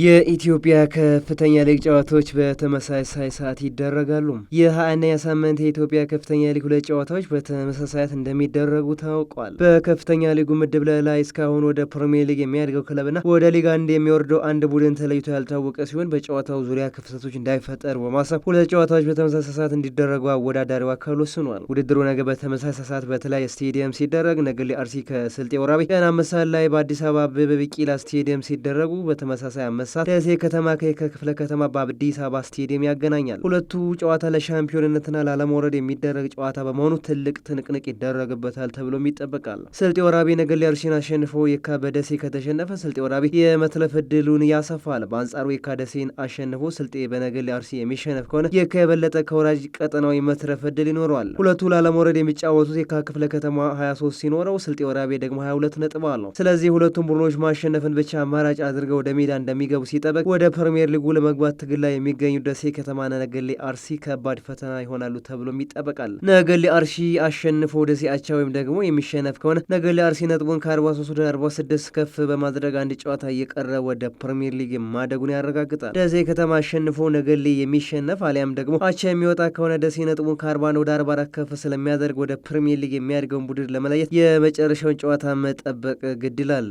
የኢትዮጵያ ከፍተኛ ሊግ ጨዋታዎች በተመሳሳይ ሰዓት ይደረጋሉ። የ21ኛ ሳምንት የኢትዮጵያ ከፍተኛ ሊግ ሁለት ጨዋታዎች በተመሳሳይ ሰዓት እንደሚደረጉ ታውቋል። በከፍተኛ ሊጉ ምድብ ላይ እስካሁን ወደ ፕሪሚየር ሊግ የሚያድገው ክለብና ወደ ሊግ አንድ የሚወርደው አንድ ቡድን ተለይቶ ያልታወቀ ሲሆን በጨዋታው ዙሪያ ክፍተቶች እንዳይፈጠር በማሰብ ሁለት ጨዋታዎች በተመሳሳይ ሰዓት እንዲደረጉ አወዳዳሪ አካል ወስኗል። ውድድሩ ነገ በተመሳሳይ ሰዓት በተለያየ ስቴዲየም ሲደረግ ነገሌ አርሲ ከስልጤ ወራቤ ቀን አምስት ሰዓት ላይ በአዲስ አበባ አበበ ቢቂላ ስቴዲየም ሲደረጉ በተመሳሳይ በማመሳት ደሴ ከተማ ከየካ ክፍለ ከተማ በአዲስ አበባ ስቴዲየም ያገናኛል። ሁለቱ ጨዋታ ለሻምፒዮንነትና ላለመውረድ የሚደረግ ጨዋታ በመሆኑ ትልቅ ትንቅንቅ ይደረግበታል ተብሎም ይጠበቃል። ስልጤ ወራቤ ነገሌ አርሲን አሸንፎ የካ በደሴ ከተሸነፈ ስልጤ ወራቤ የመትለፍ እድሉን ያሰፋል። በአንጻሩ የካ ደሴን አሸንፎ ስልጤ በነገሌ አርሲ የሚሸነፍ ከሆነ የካ የበለጠ ከወራጅ ቀጠናዊ መትረፍ እድል ይኖረዋል። ሁለቱ ላለመውረድ የሚጫወቱት የካ ክፍለ ከተማ 23 ሲኖረው ስልጤ ወራቤ ደግሞ 22 ነጥብ አለው። ስለዚህ ሁለቱም ቡድኖች ማሸነፍን ብቻ አማራጭ አድርገው ወደ ሜዳ እንደሚገ እንዲገቡ ሲጠበቅ ወደ ፕሪምየር ሊጉ ለመግባት ትግል ላይ የሚገኙ ደሴ ከተማና ነገሌ አርሲ ከባድ ፈተና ይሆናሉ ተብሎም ይጠበቃል። ነገሌ አርሲ አሸንፎ ደሴ አቻ ወይም ደግሞ የሚሸነፍ ከሆነ ነገሌ አርሲ ነጥቡን ከ43 ወደ 46 ከፍ በማድረግ አንድ ጨዋታ እየቀረ ወደ ፕሪምየር ሊግ ማደጉን ያረጋግጣል። ደሴ ከተማ አሸንፎ ነገሌ የሚሸነፍ አሊያም ደግሞ አቻ የሚወጣ ከሆነ ደሴ ነጥቡን ከ41 ወደ 44 ከፍ ስለሚያደርግ ወደ ፕሪምየር ሊግ የሚያድገውን ቡድን ለመለየት የመጨረሻውን ጨዋታ መጠበቅ ግድላል።